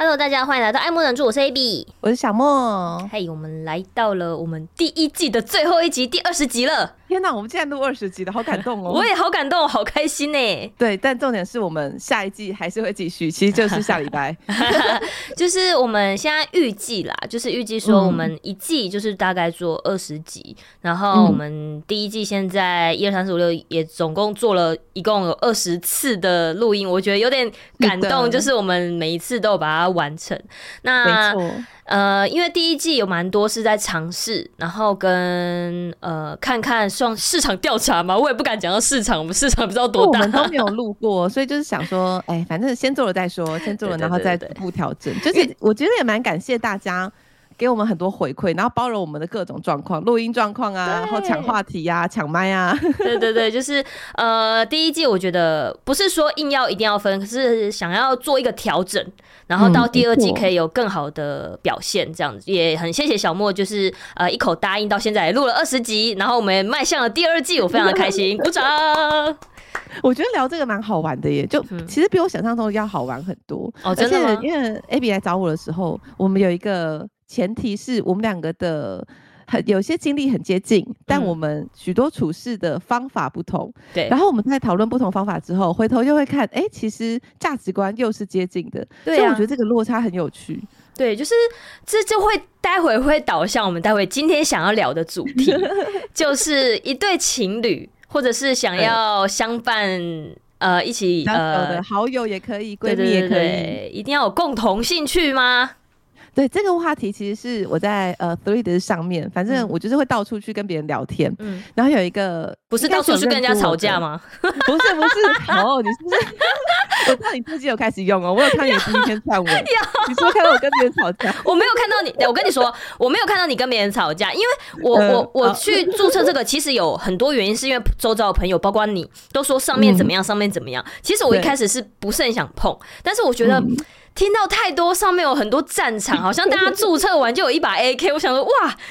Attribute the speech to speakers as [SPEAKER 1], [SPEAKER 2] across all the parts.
[SPEAKER 1] Hello，大家歡迎來到《艾墨能助》，我是 AB，我是小莫。嘿，hey，我們來到了我們第一季的最後一集，第二十集了。天哪！我們現在錄二十集的，好感動哦！我也好感動，好開心呢。對，但重點是我們下一季還是會繼續，其實就是下禮拜， 就是我們現在預計啦，就是預計說我們一季就是大概做二十集，嗯、然後我們第一季現在一二三四五六也總共做了一共有二十次的錄音，我覺得有點感動，對就是我們每一次都有把它完成。那錯呃，因為第一季有蠻多是在嘗試，然後跟呃看看。市場調查嘛，我也不敢講到市場，我們市場不知道多大，啊，我們都沒有
[SPEAKER 2] 錄過， 所以就是想說，哎、欸，反正先做了再說，先做了然後再逐步調整。對對對對對，就是我覺得也蠻感謝大家，給我們很多回饋，然後包容我們的各種狀
[SPEAKER 1] 況，錄音狀況啊，然後搶話題呀，搶麥啊。對,啊對對對， 就是呃，第一季我覺得不是說硬要一定要分，可是想要做一個調整，然後到第二季可以有更好的表現，這樣子、嗯、也很謝謝小莫，就是呃一口答應到現在錄了二十集，然後我們邁向了第二季，我非常的開心， 鼓掌。
[SPEAKER 2] 我覺得聊這個蠻好玩的耶，就、嗯、其實比我想象中要好玩很多。哦，真的嗎？因為 Abby 來找我的時候，我們有一個。前提是我們兩個的很有些經歷很接近，嗯、但我們許多處事的方法不同。對，然後我們在討論不同方法之後，回頭又會看，哎、欸，其實價值觀又是接近的。對啊、所以我覺得這個落
[SPEAKER 1] 差很有趣。對，就是這就會待會會導向我們待會今天想要聊的主題， 就是一對情侶，或者是想要相伴呃，呃一起的呃的好友也可以，閨蜜也可以。一定要有共同興趣嗎？
[SPEAKER 2] 對這個話題，其實是我在呃 Threads 上面，反正我就是會到處去跟別人聊天。嗯，然後有一個不是到處去跟人家吵架嗎？不是
[SPEAKER 1] 不是哦，你是不是？我知道你自己有開始用哦，我有看你今天看我，你是不是看到我跟別人吵架？我沒有看到你。我跟你說，我沒有看到你跟別人吵架，因為我我我去註冊這個，其實有很多原因，是因為周遭的朋友，包括你，都說上面怎麼樣，上面怎麼樣。其實我一開始是不是很想碰，但是我覺得。聽到太多，上面有很多戰場，好像大家注冊完就有一把 AK。 我想說，哇，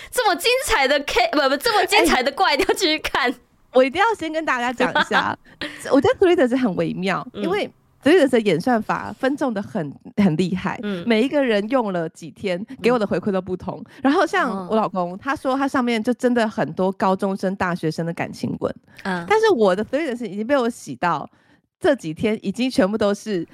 [SPEAKER 1] 這麼精彩的 K，不不，這麼精彩的怪，一定、哎、呀要繼續看。我一定要先跟大家講一下，
[SPEAKER 2] 我覺得 Threads 是很微妙，嗯、因為 Threads 的演算法分眾的很很厲害。嗯，每一個人用了幾天，給我的回饋都不同。嗯、然後像我老公，嗯、他說他上面就真的很多高中生、大學生的感情文。嗯，但是我的 Threads 是已經被我洗到這幾天，已經全部都是。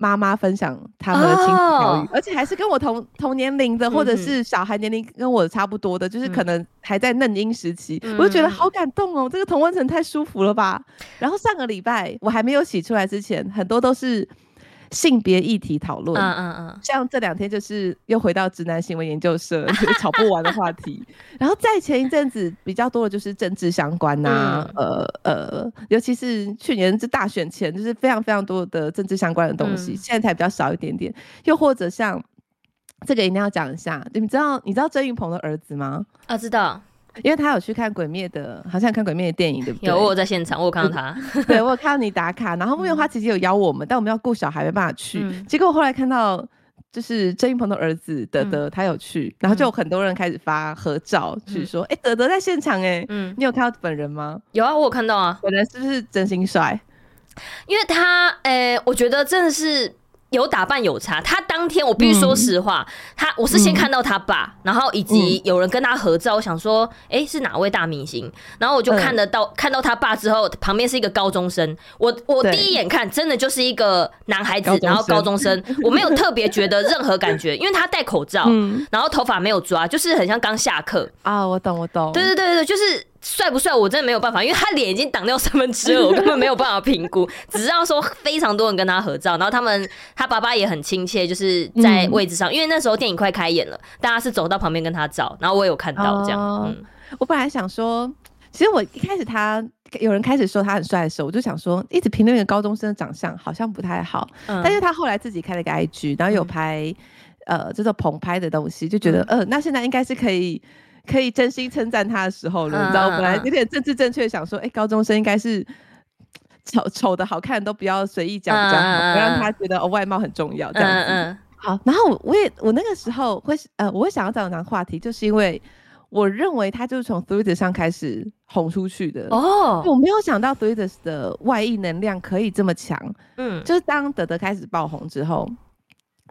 [SPEAKER 2] 媽媽分享他們的親子教育，oh! 而且還是跟我同同年齡的，或者是小孩年齡跟我差不多的，mm hmm. 就是可能還在嫩嬰時期，mm hmm. 我就覺得好感動哦，這個同溫層太舒服了吧。Mm hmm. 然後上個禮拜我還沒有洗出來之前，很多都是。性別議題討論、嗯，嗯嗯嗯，像這兩天就是又回到直男行為研究社，吵 不完的話題。 然後在前一陣子比較多的就是政治相關啊，嗯、呃呃，尤其是去年是大選前，就是非常非常多的政治相關的東西。嗯、現在才比較少一點點，又或者像這個一定要講一下，你們知道你知道曾雲鵬的兒子嗎？啊、哦，知道。因為他有去看《鬼滅》的，好像看《鬼滅》的電影，對不對？有，我有在現
[SPEAKER 1] 場，我有看到他。
[SPEAKER 2] 對，我有看到你打卡。然後木元花姐姐有邀我們，嗯、但我們要顧小孩沒辦法去。嗯、結果後來看到，就是鄭一鵬的兒子、嗯、德德，他有去。然後就有很多人開始發合照，嗯、去說：“哎、嗯欸，
[SPEAKER 1] 德德在現場、欸！”哎，嗯，你有看到本人嗎？有啊，我有看到啊。本人是不是真心帥？因為他，哎、欸，我覺得真的是。有打扮有差，他當天我必須說實話，嗯、他我是先看到他爸，嗯、然後以及有人跟他合照，嗯、我想說哎、欸，是哪位大明星，然後我就看得到，嗯、看到他爸之後，旁邊是一個高中生，我我第一眼看真的就是一個男孩子，對然後高中生，高中生我沒有特別覺得任何感覺， 因為他戴口罩，嗯、然後頭髮沒有抓，就是很像剛下課。啊，我懂我懂，對對對對，就是。帥不帥？我真的沒有辦法，因為他臉已經擋掉三分之二，我根本沒有辦法評估。 只知道說非常多人跟他合照，然後他們他爸爸也很親切，就是在位置上，嗯、因為那時候電影快開演了，大家是走到旁邊跟他照。然後我也有看到這樣。嗯，嗯
[SPEAKER 2] 我本來想說，其實我一開始他有人開始說他很帥的時候，我就想說，一直評論一個高中生的長相好像不太好。嗯。但是他後來自己開了一個 IG，然後有拍、嗯、呃這種棚拍的東西，就覺得，嗯、呃，那現在應該是可以。可以真心稱讚他的時候了，uh, 你知道，我本來有點政治正確，想說，哎、欸，高中生應該是丑丑的好看都不要隨意講，uh, uh, 讓他覺得、哦、外貌很重要這樣子。Uh, uh. 好，然後我也我那個時候會呃，我會想要找哪話題，就是因為我認為他就是從 Threads 上開始紅出去的哦，oh. 我沒有想到 Threads 的外溢能量可以這麼強，嗯，就是當德德開始爆紅之後。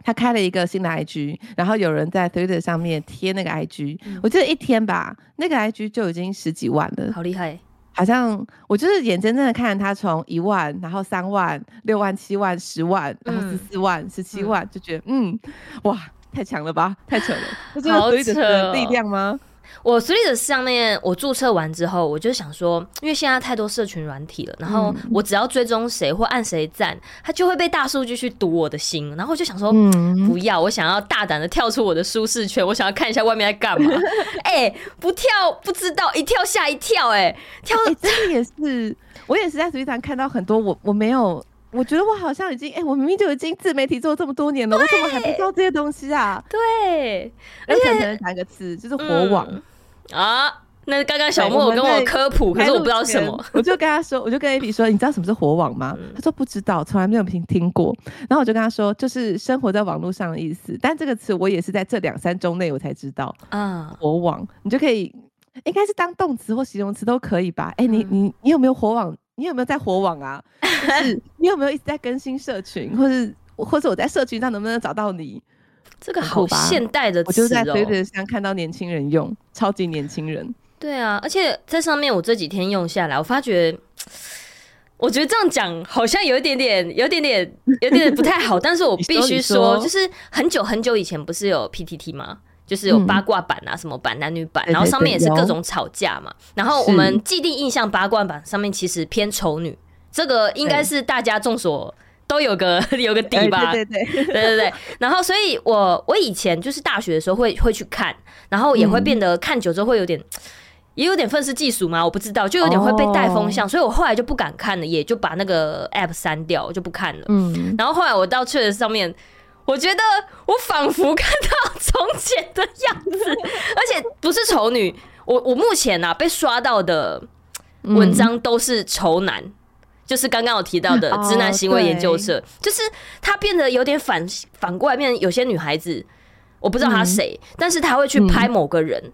[SPEAKER 2] 他開了一個新的 IG，然後有人在 Threads 上面貼那個 IG、嗯、我記得一天吧，那個 IG 就已經十幾萬了，好厲害！好像我就是眼睜睜的看着他從一萬，然後三萬、六萬、七萬、十萬，然後十四萬、十七、嗯、萬，就覺得嗯，
[SPEAKER 1] 哇，太強了吧，太扯了， 扯哦、是，這是 Threads 的力量嗎？我所 l i 上面我註冊完之後，我就想說，因為現在太多社群軟體了，然後我只要追蹤誰或按誰讚，他就會被大數據去堵我的心，然後我就想說，不要，我想要大膽的跳出我的舒適圈，我想要看一下外面在幹嘛。哎，不跳不知道，一跳嚇一跳。哎，跳，欸、這也是我也是在隨堂上看到很多
[SPEAKER 2] 我我沒有。我覺得我好像已經哎、欸，我明明就已經自媒體做了這麼多年了，對我怎麼還不知道這些
[SPEAKER 1] 東西啊？對，而且講一個詞、嗯、就是“火網”啊。那剛剛小莫我跟我科普，可是我不知道什麼，
[SPEAKER 2] 我就跟他說，我就跟 Abby 說：“ 你知道什麼是火網嗎？”嗯、他說不知道，從來沒有聽聽過。然後我就跟他說：“就是生活在網絡上的意思。”但這個詞我也是在這兩三周內我才知道。嗯，火網，你就可以應該是當動詞或形容詞都可以吧？哎、欸，你你你，你有沒有火網？你有沒有在火網啊？就是、你有沒有一直在更新社群， 或是或者我在社群上能不能找到你？這個好現代的詞哦、我就是在 Threads 上看到年輕人用，超級年輕人。
[SPEAKER 1] 對啊，而且在上面我這幾天用下來，我發覺，我覺得這樣講好像有一點點、有點點、有點點不太好， 但是我必須說，你說你說，就是很久很久以前不是有 PTT 嗎？就是有八卦版啊，什麼版男女版，然後上面也是各種吵架嘛。然後我們既定印象八卦版上面其實偏醜女，這個應該是大家眾所都有個有個底吧。對對對對然後，所以我我以前就是大學的時候會會去看，然後也會變得看久之後會有點，也有點憤世嫉俗嘛，我不知道，就有點會被帶風向，所以我後來就不敢看了，也就把那個 app 刪掉，我就不看了。嗯。然後後來我到 Threads 上面。我覺得我仿佛看到從前的樣子，而且不是醜女。我我目前啊被刷到的文章都是醜男，嗯、就是剛剛我提到的直男行為研究社，哦、就是他變得有點反，反過來變，有些女孩子，我不知道他誰，嗯、但是他會去拍某個人。嗯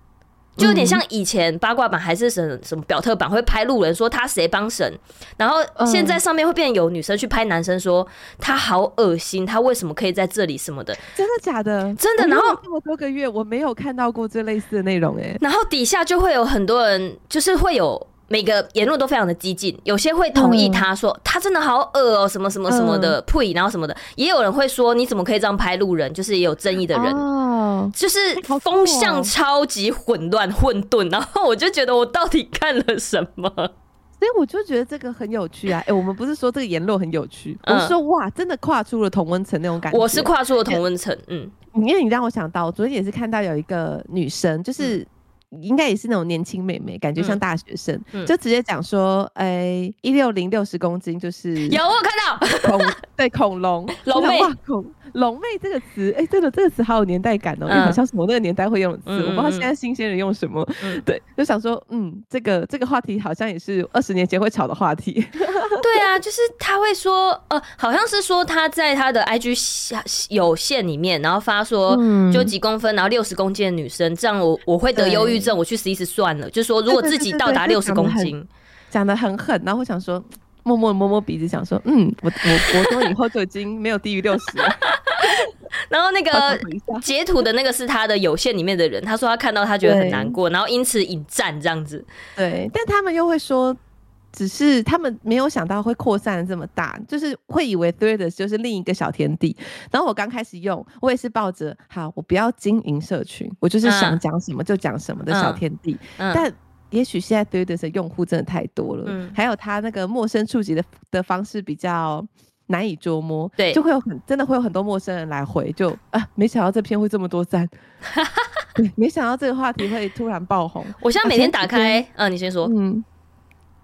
[SPEAKER 1] 就有點像以前八卦版還是什麼什麼表特版會拍路人說他誰幫神。然後現在上面會變有女生去拍男生說他好噁心，他為什麼可以在這裡什麼的，真的假
[SPEAKER 2] 的？真的。然後這麼多個月我沒有看到過這類似的內容哎。
[SPEAKER 1] 然後底下就會有很多人，就是會有。每個言論都非常的激進，有些會同意他說、嗯、他真的好惡哦、喔，什麼什麼什麼的呸，嗯、然後什麼的，也有人會說，你怎麼可以這樣拍路人，就是也有爭議的人，啊、就是風向超級混亂混沌，然後我就覺得我到底幹了什麼？
[SPEAKER 2] 所以我就覺得這個很有趣啊！哎、欸，我們不是說這個言論很
[SPEAKER 1] 有趣， 我是說
[SPEAKER 2] 哇，真的跨出了同溫層那種感覺，我是跨出了同
[SPEAKER 1] 溫層，
[SPEAKER 2] 嗯，因為你讓我想到我昨天也是看到有一個女生就是。嗯應該也是那種年輕妹妹，感覺像大學生，嗯嗯、就直接講說，哎、欸，一六零六十公斤就是有我有看到 對恐對恐龍龍妹恐。“龍妹這個詞、欸”這個詞，哎，真的這個詞好有年代感哦、喔，嗯、因好像是某那個年代會用的詞，嗯嗯、我不知道現在新鮮人用什麼。嗯、對，就想說，嗯，這個這個話題好像也是二十年前會炒的話題。
[SPEAKER 1] 對啊， 就是他會說，呃，好像是說他在他的 IG 有限裡面，然後發說，就幾公分，然後六十公斤的女生，嗯、這樣我我會得憂鬱症，我去死一次算了。就說如果自己到達六十公斤，
[SPEAKER 2] 講得,得很狠，然後我想說，默默摸摸,摸摸鼻子，想說，嗯，我我我說以
[SPEAKER 1] 後就已經沒有低於六十了。 那個截圖的那個是他的有限裡面的人， 他說他看到他覺得很難過，對然後因此引戰這樣子。
[SPEAKER 2] 對，但他們又會說，只是他們沒有想到會擴散這麼大，就是會以為 Threads 就是另一個小天地。然後我剛開始用，我也是抱着好，我不要經營社群，我就是想講什麼就講什麼的小天地。嗯、但也許現在 Threads 的用戶真的太多了，嗯、還有他那個陌生觸及的的方式比較。難以捉摸，對，就會有很真的會有很多陌生人來回，就啊，沒想到這篇會這麼多讚，哈， 沒想到這個話題會突然爆紅。 我現在每天打開，嗯、啊啊，你先說，嗯，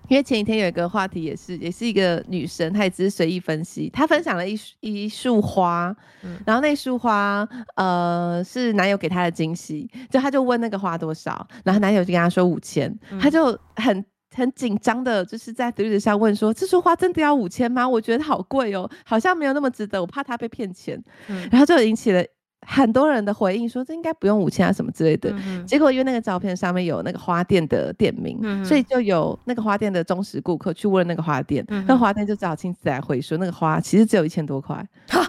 [SPEAKER 2] 因為前幾天有一個話題也是，也是一個女生，她也只是隨意分析，她分享了一一束花，嗯、然後那束花，呃，是男友給她的驚喜，就她就問那個花多少，然後男友就跟她說五千，她就很。嗯很緊張的，就是在 Threads 上問說：“這束花真的要五千嗎？我覺得好貴哦，喔，好像沒有那麼值得，我怕他被騙錢。嗯”然後就引起了很多人的回應，說這應該不用五千啊，什麼之類的。嗯、哼結果因為那個照片上面有那個花店的店名，嗯、哼所以就有那個花店的忠實顧客去問那個花店，嗯、哼那花店就只好親自來回說，那個花其實只有一千多塊。哈，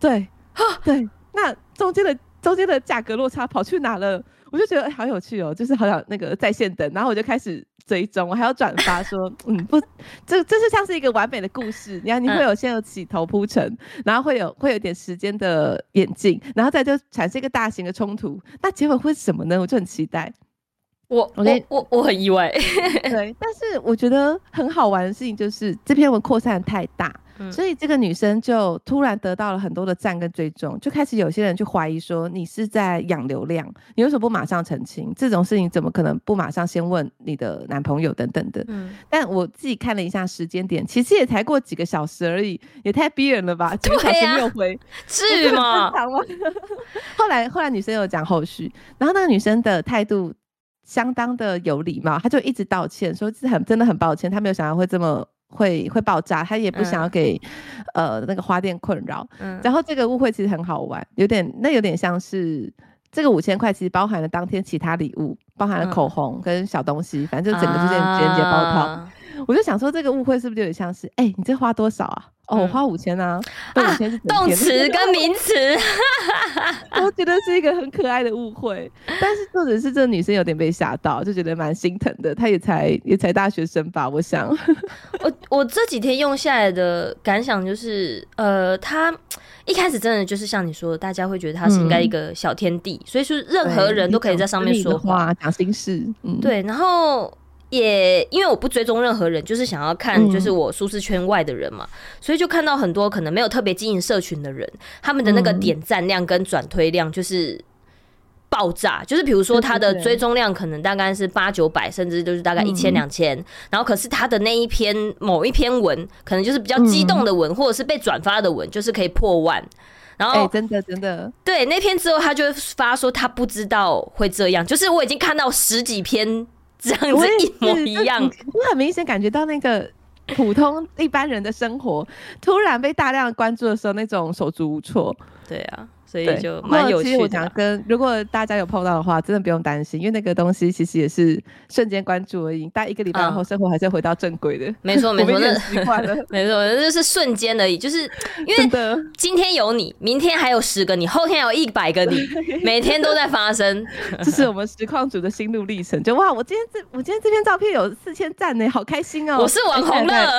[SPEAKER 2] 對，哈，對，那中間的中間的價格落差跑去哪了？我就覺得、欸、好有趣哦、喔，就是好想那個在線等，然後我就開始追蹤，我還要轉發說， 嗯，不，這這是像是一個完美的
[SPEAKER 1] 故事，你看、啊，你會有
[SPEAKER 2] 先有起頭鋪陳，然後會有會有點時間的演進，然後再就產生一個大型的衝突，那結果會是什麼呢？我就很期待。
[SPEAKER 1] 我 okay, 我我我很意外，對 ，okay, 但
[SPEAKER 2] 是我覺得很好玩的事情就是這篇文擴散太大。所以這個女生就突然得到了很多的讚跟追蹤，就開始有些人就懷疑說，你是在養流量，你為什麼不馬上澄清？這種事情怎麼可能不馬上先問你的男朋友等等的？嗯、但我自己看了一下時間點，其實也才過幾個小時而已，也太逼人了吧？幾個小時沒有回，
[SPEAKER 1] 對、啊、 是嗎？
[SPEAKER 2] 後來後來女生有講後續，然後那個女生的態度相當的有禮貌，她就一直道歉，說是很真的很抱歉，她沒有想到會這麼。會會爆炸，他也不想要給，嗯、呃，那個花店困擾。嗯、然後這個誤會其實很好玩，有點那有點像是這個五千塊其實包含了當天其他禮物，包含了口紅跟小東西，嗯、反正就整個就是情人節包票。啊、我就想說這個誤會是不是就有點像是，哎、欸，你這花多少啊？哦，我花五千吶、啊，動詞、啊、跟
[SPEAKER 1] 名詞，
[SPEAKER 2] 我覺得是一個很可愛的誤會。 但是作者是這個女生有點被嚇到，就覺得蠻心疼的。她也才也才大學生吧，我想。
[SPEAKER 1] 我我這幾天用下來的感想就是，呃，她一開始真的就是像你說的，大家會覺得她是應該一個小天地，嗯、所以說任何人都可以在上面說
[SPEAKER 2] 話、講、欸、心事。嗯，
[SPEAKER 1] 對，然後，也因為我不追蹤任何人，就是想要看，就是我舒適圈外的人嘛，所以就看到很多可能沒有特別經營社群的人，他們的那個點讚量跟轉推量就是爆炸，就是比如說他的追蹤量可能大概是八九百，甚至就是大概一千兩千，然後可是他的那一篇某一篇文，可能就是比較激動的文或者是被轉發的文，就是可以破萬，然後真的真的對那篇之後他就發說他不知道會這樣，就是我已經看到十幾篇。這樣子一模
[SPEAKER 2] 一樣，我，我很明顯感覺到那個普通一般人的生活， 突然被大量關注的時候，那種手足無措。對呀、啊。所以就蠻有趣的。我講跟如果大家有碰到的話，真的不用擔心，因為那個東西其實也是瞬間關注而已。大概一個禮拜以後，生活還是回到正軌的。嗯、 沒錯沒錯，那
[SPEAKER 1] 沒錯，就是瞬間而已，就是因為今天有你，明天還有十個你，後天還有一百個你，對 每天都在發生。這，就是我們實況組的心路歷程。就哇，我今
[SPEAKER 2] 天這我今天這篇照片有四千讚呢，好開心哦，喔！我是網紅了，哎哎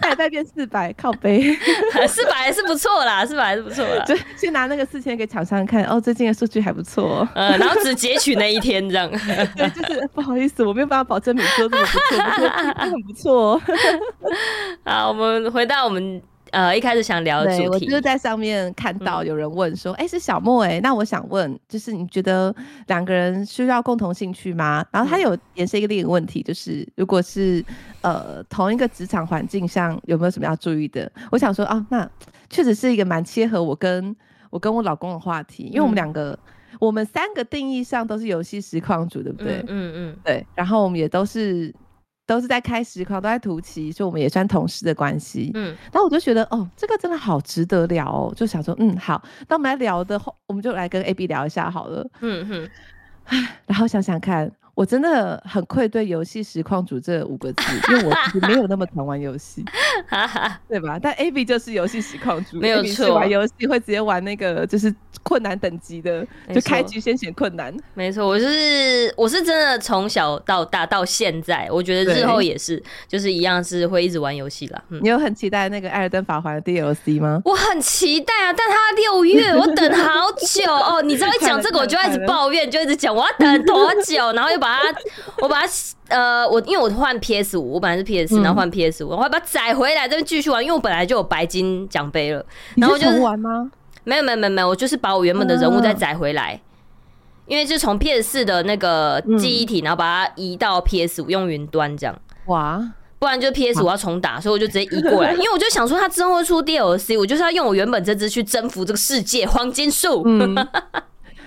[SPEAKER 2] 哎哎，再變
[SPEAKER 1] 四百 靠背杯、啊，四百還是不錯啦，四百還是不錯啦。就去拿那個四。
[SPEAKER 2] 先給廠商看哦，最近的數據還不錯，呃，然後只截取
[SPEAKER 1] 那一天這樣， 對就是不好意
[SPEAKER 2] 思，我沒有辦法保證每說這麼不錯 的很不錯，很不錯。
[SPEAKER 1] 好，我們回到我們呃一開始想聊的主題，我就
[SPEAKER 2] 在上面看到有人問說，哎、嗯欸，是小莫哎、欸，那我想問，就是你覺得兩個人需要共同興趣嗎？然後他有延伸一個另一個問題，就是如果是呃同一個職場環境上，有沒有什麼要注意的？我想說啊、哦，那確實是一個蠻切合我跟。我跟我老公的話題，因為我們兩個、嗯、我們三個定義上都是遊戲實況主，對不對？嗯嗯。嗯嗯對，然後我們也都是都是在開實況，都在 Twitch，所以我們也算同事的關係。嗯。然後我就覺得，哦，這個真的好值得聊哦，就想說，嗯，好，那我們來聊的後，我們就來跟 A、B 聊一下好了。嗯哼。哎、嗯，然後想想看。我真的很愧對“遊戲實況主這五個字，因為我其實沒有那麼常玩遊戲， 對吧？但 AB 就是遊戲實況主。沒有錯。玩遊戲會直接玩那個就是困難等級的，沒錯，就開局先選困難。
[SPEAKER 1] 沒錯，我是我是真的從小到大到現在，我覺得日後也是，啊、就是一樣是會一直玩遊戲了。嗯、你有
[SPEAKER 2] 很期待那個《艾爾登法環》的 DLC 嗎？我
[SPEAKER 1] 很期待啊，但他六月， 我等好久哦。你知道一講這個，我就開始抱怨，就一直講我要等多久，然後又。 我把它，我把它，呃，我因為我換 PS 五，我本來是 PS 四，然後換 PS 五，我把它載回來，再繼續玩，因為我本來就有白金獎杯了。然後就是、重玩嗎？沒有沒有沒有沒有，我就是把我原本的人物再載回來，嗯、因為就從 PS 四的那個記憶體，然後把它移到 PS 五用雲端這樣。哇，不然就 PS 五我要重打，所以我就直接移過來，哇 因為我就想說它之後會出 DLC，我就是要用我原本這只去征服這個世界，黃金樹。嗯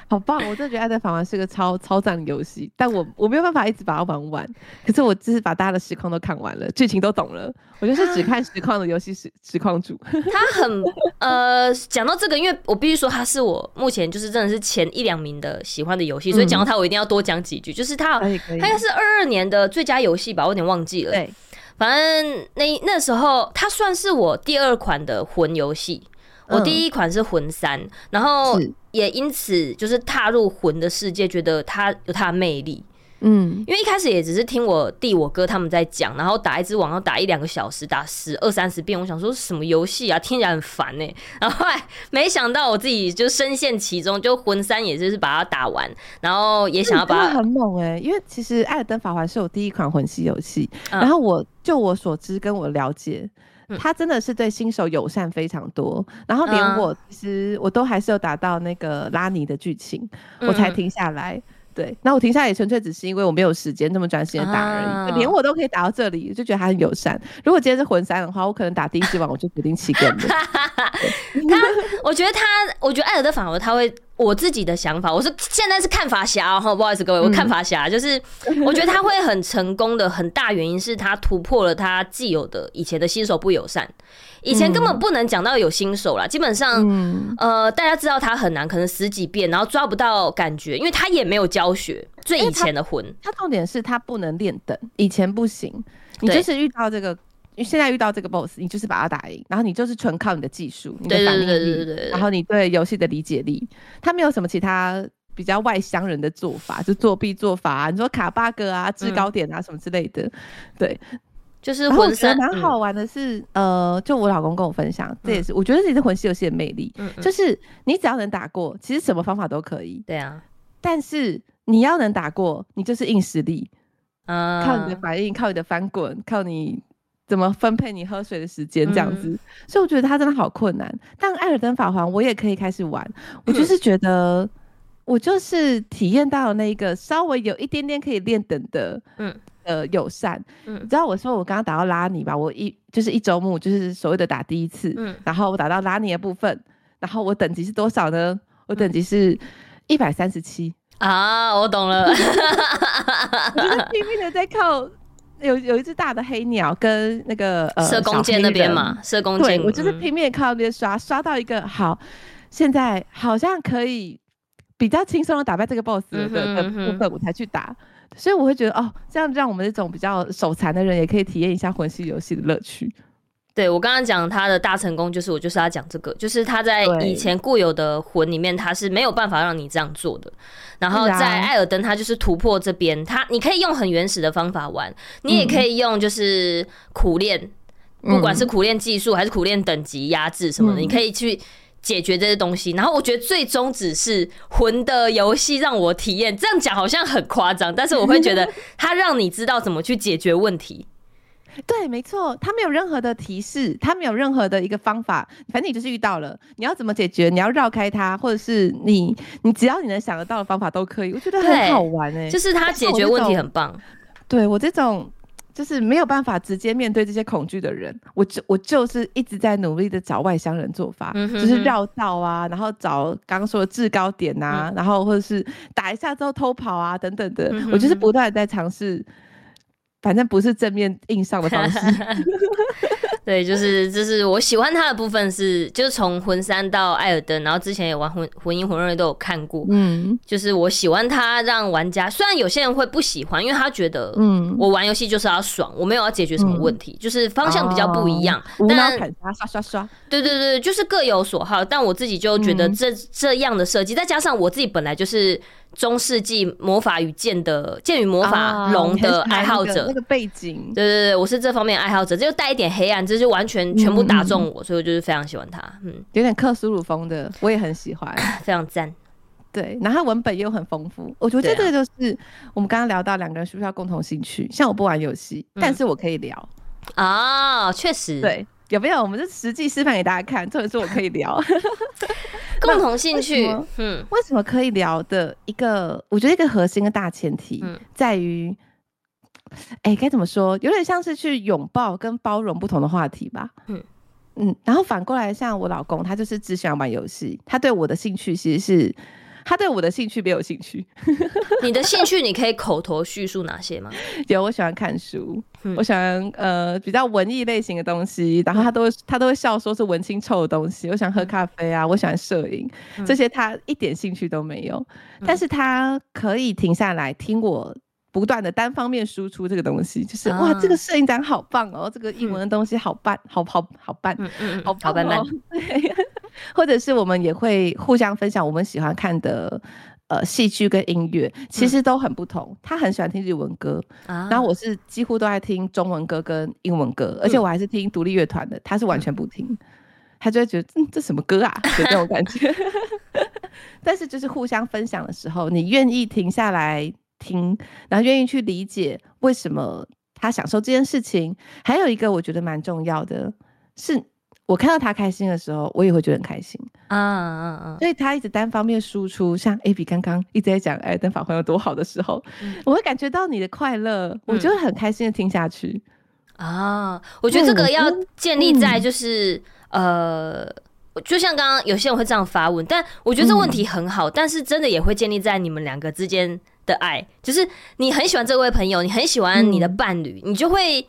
[SPEAKER 2] 好棒！我真的覺得《艾爾登法環》是個超超贊的遊戲，但我我沒有辦法一直把它玩完。可是我就是把大家的實況都看完了，劇情都懂了。我就是只看實況的遊戲
[SPEAKER 1] 實、啊、實況況主。他很呃，講到這個，因為我必須說，他是我目前就是真的是前一兩名的喜歡的遊戲，嗯、所以講到他，我一定要多講幾句。就是他，他應該是二二年的最佳遊戲吧？我有點忘記了。對，反正那那時候他算是我第二款的魂遊戲，嗯、我第一款是魂三，然後。也因此，就是踏入魂的世界，覺得它有它的魅力。嗯，因為一開始也只是聽我弟、我哥他們在講，然後打一隻王，然後打一兩個小時，打十二三十遍。我想說，什麼遊戲啊，聽起來很煩呢？然後後來沒想到，我自己就深陷其中，就魂三，也就是把它打完，然後也想要把它
[SPEAKER 2] 很猛哎。因為其實《艾爾登法環》是我第一款魂系遊戲，然後我就我所知，跟我了解。他真的是對新手友善非常多，然後連我，嗯，其實我都還是有打到那個拉尼的劇情，嗯，我才停下來。對，那我停下來也純粹只是因為我沒有時間那麼長時間打而已。嗯，連我都可以打到這裡，就覺得他很友善。如果今天是魂三的話，我可能打第一隻王我就決定棄根了。 對他，
[SPEAKER 1] 我覺得他，我覺得艾爾登反而他會。我自己的想法，我是現在是看法俠哈，不好意思各位，我看法俠就是，我覺得他會很成功的很大原因是他突破了他既有的以前的新手不友善，以前根本不能講到有新手啦，基本上，呃，大家知道他很難，可能十幾遍然後抓不到感覺，因為他也沒有教學，最以前的魂，
[SPEAKER 2] 他重點是他不能練等，以前不行，你就是遇到這個。因為現在遇到這個 BOSS，你就是把他打贏，然後你就是純靠你的技術、你的反應力，對對對對對，然後你對遊戲的理解力，他沒有什麼其他比較外鄉人的做法，就作弊做法啊，你說卡 bug 啊、制高點啊、嗯、什麼之類的，對，
[SPEAKER 1] 就是魂系蠻好
[SPEAKER 2] 玩的是。是、嗯、呃，就我老公跟我分享，這也是、嗯、我覺得也是魂系遊戲的魅力，嗯嗯，就是你只要能打過，其實什麼方法都可以。對啊、嗯，但是你要能打過，你就是硬實力啊，嗯、靠你的反應，靠你的翻滾，靠你。怎麼分配你喝水的時間這樣子？嗯、所以我覺得它真的好困難。但《艾爾登法環》我也可以開始玩，我就是覺得，我就是體驗到那個稍微有一點點可以練等的，嗯，呃，友善。嗯、你知道我說我剛剛打到拉尼吧？我一就是一周目，就是所謂的打第一次，嗯，然後我打到拉尼的部分，然後我等級是多少呢？嗯、我等級是一百三十七
[SPEAKER 1] 啊！我懂了，你 是
[SPEAKER 2] 拼命的在靠。有有一隻大的黑鳥跟那個呃射弓箭那邊嘛，射弓箭。對，我就是拼命靠那邊刷，刷到一個好，現在好像可以比較輕鬆的打敗這個 BOSS 的的部分，我才去打。所以我會覺得哦，這樣讓我們這種比較手殘的人也可以體驗一下魂系遊戲的樂趣。
[SPEAKER 1] 對我剛剛講他的大成功，就是我就是要講這個，就是他在以前固有的魂裡面，他是沒有辦法讓你這樣做的。然後在艾爾登，他就是突破這邊，他你可以用很原始的方法玩，你也可以用就是苦練，
[SPEAKER 2] 不管
[SPEAKER 1] 是苦練技術還是苦練等級壓制什麼的，你可以去解決這些東西。然後我覺得最終只是魂的遊戲讓我體驗，這樣講好像很誇張，但是我會覺得他讓你知道怎麼去解決問題。
[SPEAKER 2] 對，沒錯，他沒有任何的提示，他沒有任何的一個方法，反正你就是遇到了，你要怎麼解決？你要繞開他，或者是你，你只要你能想得到的方法都可以。我覺得很好玩哎、欸，就是他解決問題很棒。我對我這種就是沒有辦法直接面對這些恐懼的人，我就我就是一直在努力的找外鄉人做法，嗯、哼就是繞道啊，然後找剛剛說的制高點啊，嗯、哼然後或者是打一下之後偷跑啊等等的，嗯、哼我就是不斷的在嘗試。反正不是正面硬上的
[SPEAKER 1] 方式，對，就是就是我喜歡它的部分是，就是從魂三到艾爾登，然後之前也玩魂魂一魂二都有看過，嗯，就是我喜歡它讓玩家，雖然有些人會不喜歡，因為他覺得，嗯，我玩遊戲就是要爽，我沒有要解決什麼問題，嗯、就是方向比較不一樣，哦、但刀
[SPEAKER 2] 砍刷刷刷，
[SPEAKER 1] 對對對，就是各有所好，但我自己就覺得這這樣的設計，嗯、再加上我自己本來就是。中世紀魔法與劍的劍與魔法龍的，的愛好者，那個
[SPEAKER 2] 背景，對
[SPEAKER 1] 對對，我是這方面愛好者，就帶一點黑暗，這就完全全部打中我，嗯、所以我就是非常喜歡他，
[SPEAKER 2] 嗯，有點克蘇魯風的，我也很喜歡， 非常讚讚，對，然後文本又很豐富，我覺得這個就是我們剛剛聊到兩個人是不是要共同興趣，像我不玩遊戲，但是我可以聊啊，嗯、哦、確實，對。有沒有？我們是實際示範給大家看，特別是我可以聊 共同興趣， 嗯，為什麼可以聊的一個，我覺得一個核心的大前提在於，在、欸、於，哎，該怎麼說？有點像是去擁抱跟包容不同的話題吧，嗯嗯。然後反過來，像我老公，他就是只喜歡玩遊戲，他對我的興趣其實是。
[SPEAKER 1] 他對我的興趣沒有興趣。 你的興趣，你可以口頭敘述哪些嗎？
[SPEAKER 2] 有，我喜歡看書，我喜歡呃比較文藝類型的東西。然後他都會他都會笑，說是文青臭的東西。我喜歡喝咖啡啊，嗯、我喜歡攝影，這些他一點興趣都沒有。嗯、但是他可以停下來聽我不斷的單方面輸出這個東西，就是、嗯、哇，這個攝影展好棒哦，這個英文的東西好棒，好好好
[SPEAKER 1] 棒，好好棒
[SPEAKER 2] 或者是我們也會互相分享我們喜歡看的，呃，戲劇跟音樂，其實都很不同。嗯、他很喜歡聽日文歌、啊、然後我是幾乎都愛聽中文歌跟英文歌，嗯、而且我還是聽獨立樂團的，他是完全不聽，嗯、他就會覺得這、嗯、這什麼歌啊，有這種感覺。 但是就是互相分享的時候，你願意停下來聽，然後願意去理解為什麼他享受這件事情。還有一個我覺得蠻重要的，是。我看到他開心的時候，我也會覺得很開心。啊，啊啊啊！所以他一直單方面輸出，像 A 比剛剛一直在講，哎、欸，等法昆有多好的時候，嗯、我會感覺到你的快樂，我就會很開心的聽下去、嗯。啊，
[SPEAKER 1] 我覺得這個要建立在就是、嗯嗯、呃，就像剛剛有些人會這樣發問，但我覺得這問題很好，嗯、但是真的也會建立在你們兩個之間的愛，就是你很喜歡這位朋友，你很喜歡你的伴侶，嗯、你就會。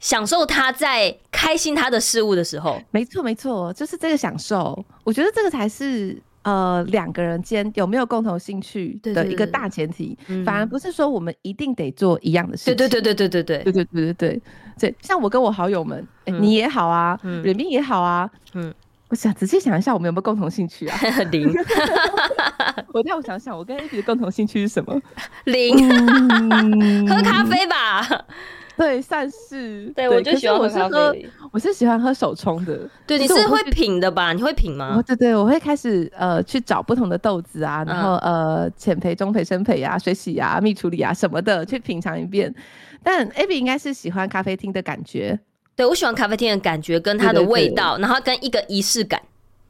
[SPEAKER 1] 享受他在開心他的事物的時候，沒錯沒錯，就是這個享受。我覺得這個才是呃兩個
[SPEAKER 2] 人間有沒有共同興趣的一個大前提。反而不是說我們一定得做一樣的事情。對對對對對對對對對對對對對。對，像我跟我好友們，你也好啊，阮冰也好啊，嗯，我想仔細想一下，我們有沒有共同興趣啊？零。我再我想想，我跟一起的共同興趣是什麼？零。喝咖啡
[SPEAKER 1] 吧。對，算是對，對我就喜歡是我是喝
[SPEAKER 2] 咖啡。我是喜歡喝手
[SPEAKER 1] 沖的。對，是你是會品的吧？你會品嗎？哦、對
[SPEAKER 2] 對，我會開始呃去找不同的豆子啊，然後、嗯、呃淺焙、中焙、深焙呀、啊、水洗呀、啊、蜜處理啊什麼的去品嘗一
[SPEAKER 1] 遍。但 Abby 應該是喜歡咖啡廳的感覺。對，我喜歡咖啡廳的感覺跟它的味道，對對對，然後跟一個儀式感。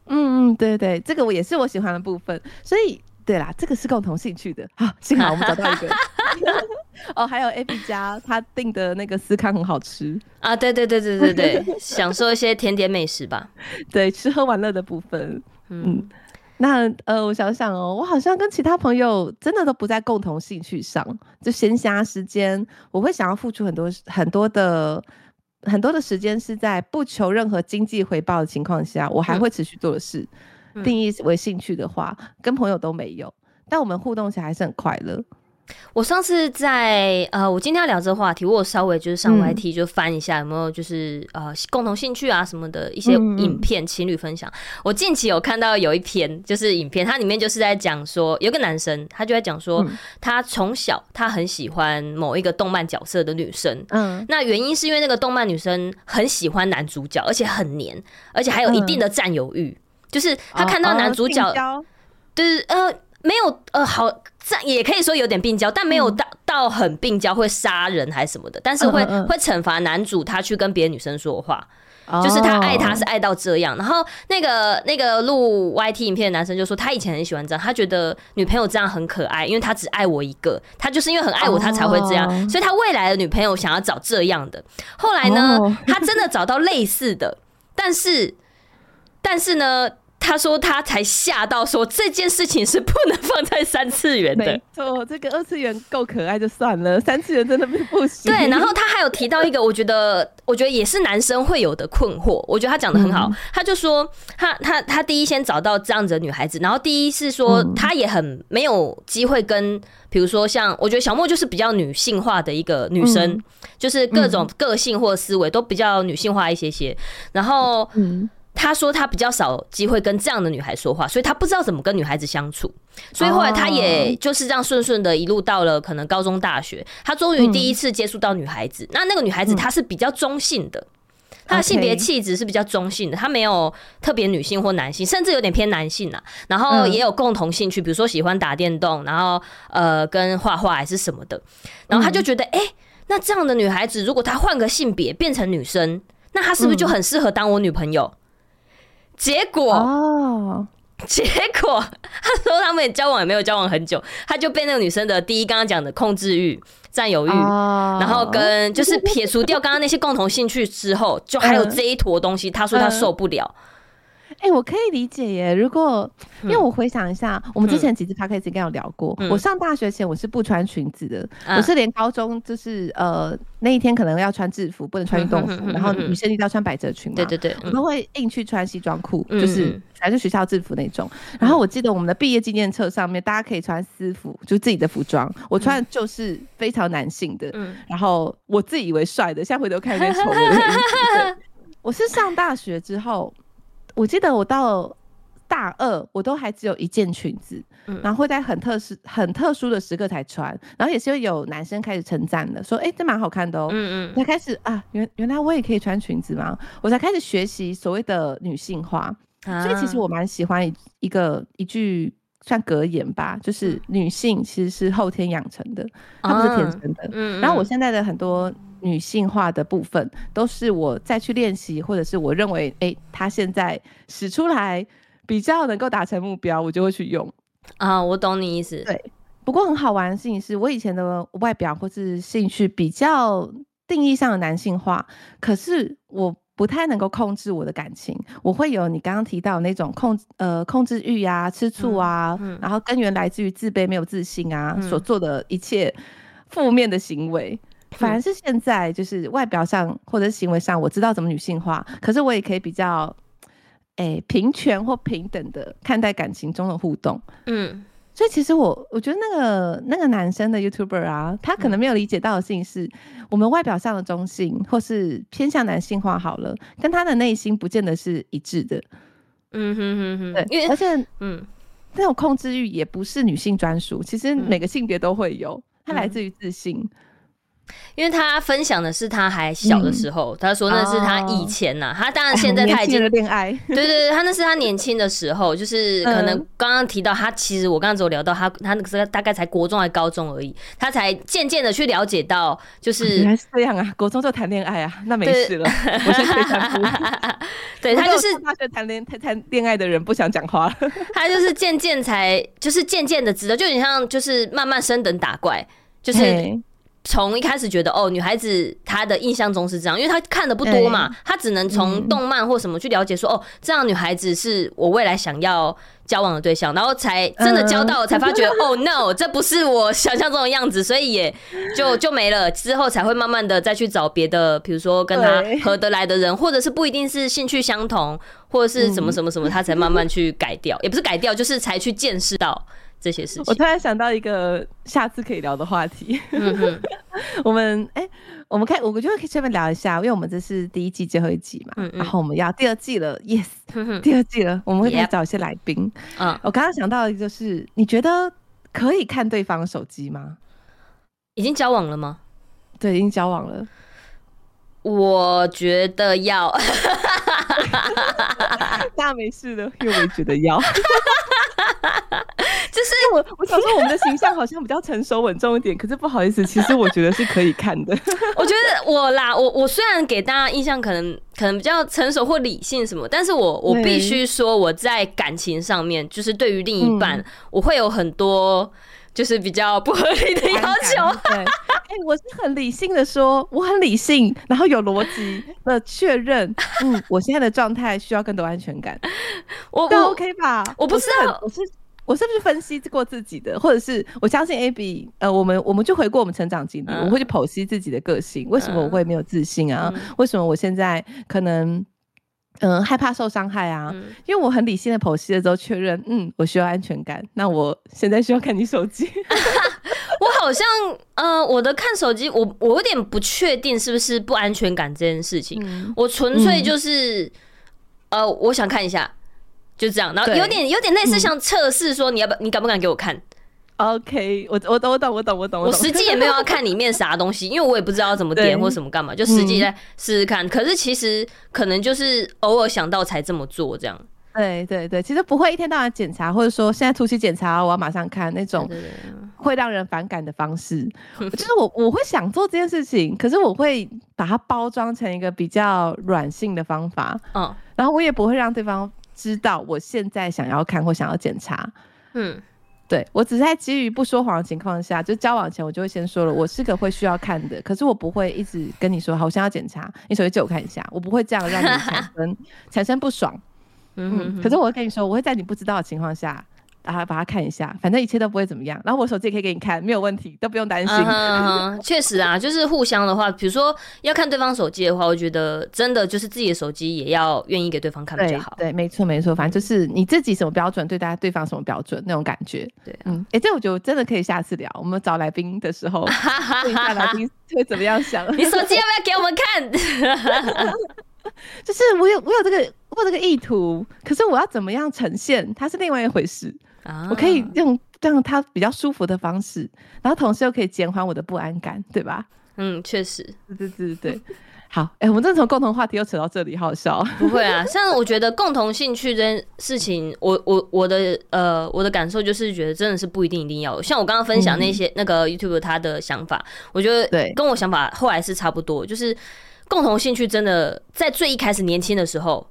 [SPEAKER 2] 嗯嗯，對對，這個我也是我喜歡的部分，所以。對啦，這個是共同興趣的，好、啊，幸好我們找到一
[SPEAKER 1] 個。 哦，還有 AB 家，
[SPEAKER 2] 他訂的那個司康很好吃
[SPEAKER 1] 啊！對對對對對對， 享受一些甜點美食吧。對，吃喝玩樂的部分，
[SPEAKER 2] 嗯，嗯，那呃，我想想哦，我好像跟其他朋友真的都不在共同興趣上。就閒暇時間，我會想要付出很多很多的很多的時間，是在不求任何經濟回報的情況下，我還會持續做的事。嗯定義為興趣的話，跟朋友都沒有，但我們互動起來還是很快樂。
[SPEAKER 1] 我上次在呃，我今天要聊這個話題，我稍微就是上 Y T 就翻一下，有沒有就是呃共同興趣啊什麼的一些影片情侶分享？嗯、我近期有看到有一篇就是影片，它裡面就是在講說，有個男生他就在講說，嗯、他從小他很喜歡某一個動漫角色的女生，嗯，那原因是因為那個動漫女生很喜歡男主角，而且很黏，而且還有一定的佔有慾。嗯就是他看到男主角，對呃沒有呃好，這也可以說有點病嬌，但沒有到到很病嬌會殺人還是什麼的，但是會會懲罰男主他去跟別的女生說話，就是他愛他是愛到這樣。然後那個那個錄 YT 影片的男生就說，他以前很喜歡這樣，他覺得女朋友這樣很可愛，因為他只愛我一個，他就是因為很愛我，他才會這樣，所以他未來的女朋友想要找這樣的。後來呢，他真的找到類似的，但是但是呢。他說他才嚇到，說這件事情是不能放在三次元的。哦，這個二次元夠可愛就算了，三次元真的不行。對，然後他還有提到一個，我覺得我覺得也是男生會有的困惑。我覺得他講得很好，他就說他他他第一先找到這樣子的女孩子，然後第一是說他也很沒有機會跟，比如說像我覺得小莫就是比較女性化的一個女生，就是各種個性或思維都比較女性化一些些。然後嗯。他說他比較少機會跟這樣的女孩說話，所以他不知道怎麼跟女孩子相處，所以後來他也就是這樣順順的，一路到了可能高中大學，他終於第一次接觸到女孩子。那那個女孩子她是比較中性的，
[SPEAKER 2] 她的性別氣
[SPEAKER 1] 質是比較中性的，她沒有特別女性或男性，甚至有點偏男性啊。然後也有共同興趣，比如說喜歡打電動，然後呃跟畫畫還是什麼的。然後他就覺得，欸，那這樣的女孩子，如果她換個性別變成女生，那她是不是就很適合當我女朋友？結果，oh. 結果，他說他們也交往也沒有交往很久，他就被那個女生的第一剛剛講的控制慾、佔有慾，oh. 然後跟就是撇除掉剛剛那些共同興趣之後， 就還有這一坨東西，他說他受不了。Uh. Uh.
[SPEAKER 2] 哎，我可以理解耶。如果因為我回想一下，我們之前幾次 podcast 應該有聊過。我上大學前我是不穿裙子的，我是連高中就是呃那一天可能要穿制服，不能穿運動服，然後女生一定要穿百褶裙。對對對，我們會硬去穿西裝褲，就是還是學校制服那種。然後我記得我們的畢業紀念冊上面，大家可以穿私服，就自己的服裝。我穿的就是非常男性的，然後我自己以為帥的，現在回頭看有點醜。我是上大學之後。我記得我到大二，我都還只有一件裙子，嗯、然後會在很特殊、很特殊的時刻才穿，然後也是有男生開始稱讚的，說：“哎、欸，這蠻好看的哦、喔。嗯嗯”才開始啊，原原來我也可以穿裙子嘛。我才開始學習所謂的女性化，啊、所以其實我蠻喜歡一一個一句算格言吧，就是女性其實是後天養成的，她不是天生的。啊、然後我現在的很多。女性化的部分都是我再去練習，或者是我認為，誒、欸，他現在使出來比較能夠達成目標，我就會去用。啊，我懂你意思。對，不過很好玩的事情是我以前的外表或是興趣比較定義上的男性化，可是我不太能夠控制我的感情，我會有你剛剛提到的那種控制呃控制慾呀、啊、吃醋啊，嗯嗯、然後根源來自於自卑、沒有自信啊，嗯、所做的一切負面的行為。反而是現在，就是外表上或者行為上，我知道怎麼女性化，嗯、可是我也可以比較、欸，平權或平等的看待感情中的互動。嗯，所以其實我我覺得那個那個男生的 YouTuber 啊，他可能沒有理解到的事情是，嗯、我們外表上的中性或是偏向男性化好了，跟他的內心不見得是一致的。嗯
[SPEAKER 1] 哼哼哼，因為而且嗯，
[SPEAKER 2] 那種控制慾也不是女性專屬，其實每個性別都會有，嗯、它來自
[SPEAKER 1] 於自信。嗯嗯。因為他分享的是他還小的時候，嗯、他說那是他以前吶、啊，哦、他當然現在他已經戀、啊、愛，對對，對他那是他年輕的時候，是的就是可能剛剛提到他，嗯、他其實我剛剛只有聊到他，他那個時候大概才國中還高中而已，他才漸漸的去了解到、就是，就、啊、是這樣啊，國中就談戀愛啊，那沒事了，對我先退場 對，他就是那個談戀談戀愛的
[SPEAKER 2] 人不想講話，
[SPEAKER 1] 他就是漸漸才就是漸漸的知道，就你、是、像就是慢慢升等打怪，就是。從一開始覺得哦，女孩子，她的印象中是這樣，因為她看的不多嘛，她只能從動漫或什麼去了解說哦，這樣女孩子是我未來想要交往的對象，然後才真的交到，才發覺哦，no， 這不是我想象中的樣子，所以也就就沒了。之後才會慢慢的再去找別的，比如說跟她合得來的人，或者是不一定是興趣相同，或者是什麼什麼什麼，她才慢慢去改掉，也不是改掉，就是才去見識到。這些事情，我突然
[SPEAKER 2] 想到一個下次可以聊的話題，嗯哼。 我們哎、欸，我們看，我我覺得可以順便聊一下，因為我們這是第一季最後一集嘛，嗯嗯，然後我們要第二季了，嗯、哼，yes，第二季了，嗯、哼我們會不會找一些來賓。啊、yep 哦、我剛剛想到的就是，你覺得可以看對方的手機嗎？
[SPEAKER 1] 已經交往了嗎？對，已經交往了。我覺得要，
[SPEAKER 2] 那沒事的，又沒覺得要。 是我，我想說我們的形象好像比較成熟穩重一點， 可是不好意思，其實我覺得是可以看的。
[SPEAKER 1] 我覺得我啦，我我雖然給大家印象可能可能比較成熟或理性什麼，但是我我必須說我在感情上面，對就是對於另一半，嗯、我會有很多就是比較不合理的要求。哎、欸，我是
[SPEAKER 2] 很理性的說，我很理性，然後有邏輯的確認，嗯，我現在的狀態需要更多安全感。
[SPEAKER 1] 對我但 OK 吧？我不是很，我是很。
[SPEAKER 2] 我是不是分析過自己的？或者是我相信 AB？呃，我們我們就回顧我們成長經歷，嗯、我會去剖析自己的個性，為什麼我會沒有自信啊？嗯、為什麼我現在可能嗯、呃、害怕受傷害啊？嗯、因為我很理性的剖析了之後，確認嗯我需要安全感，那我現在需要看你手機。
[SPEAKER 1] 我好像呃我的看手機，我我有點不確定是不是不安全感這件事情，嗯、我純粹就是、嗯、呃我想看一下。就這樣，然後有點有點類似像測試，說你要不、嗯、你敢不敢給我看？OK，我我懂我懂我懂我懂，我實際也沒有要看裡面啥東西， 因為我也不知道怎麼點或什麼幹嘛，對就實際在試試看。嗯、可是其實可能就是偶爾想到才這麼做，這樣。
[SPEAKER 2] 對對對，其實不會一天到晚檢查，或者說現在突擊檢查，我要馬上看那種會讓人反感的方式。對對對，就是我我會想做這件事情， 可是我會把它包裝成一個比較軟性的方法，嗯、哦，然後我也不會讓對方，知道我現在想要看或想要檢查，嗯，對我只是在基於不說謊的情況下，就交往前我就會先說了，我是個會需要看的，可是我不會一直跟你說，好，我想要檢查，你手機借我看一下，我不會這樣讓你產生 產生不爽，嗯哼
[SPEAKER 1] 哼，可是我會
[SPEAKER 2] 跟你說，我會在你不知道的情況下。啊，把它看一下，反正一切都不會怎麼樣。然後我手機也可以給你看，沒有問題，都不用擔心。Uh huh、huh，
[SPEAKER 1] 確實啊， 就是互相的話，比如說要看對方手機的話，我覺得真的就是自己的手機也要願意給對方看比較
[SPEAKER 2] 好，對。對，沒錯沒錯，反正就是你自己什麼標準，對待對方什麼標準那種感覺。對、啊，嗯，哎、欸，這我覺得真的可以下次聊。我們找來賓的時候，看 一下來賓
[SPEAKER 1] 就會怎麼樣想。 你手機要不要給我們看？
[SPEAKER 2] 就是我有我有這個我有這個意圖，可是我要怎麼樣呈現，它是另外一回事。啊，我可以用這樣他比較舒服的方式，然後同時又可以減緩我的不安感，對吧？嗯，確實，對，對對對，好。哎、欸，我們真的從共同話題又扯到這裡，好笑。不會
[SPEAKER 1] 啊，像我覺得共同興趣這件事情，我我我的呃我的感受就是覺得真的是不一定一定要像我剛剛分享那些、嗯、那個 YouTube 他的想法，我覺得對，跟我想法後來是差不多，對就是共同興趣真的在最一開始年輕的時候。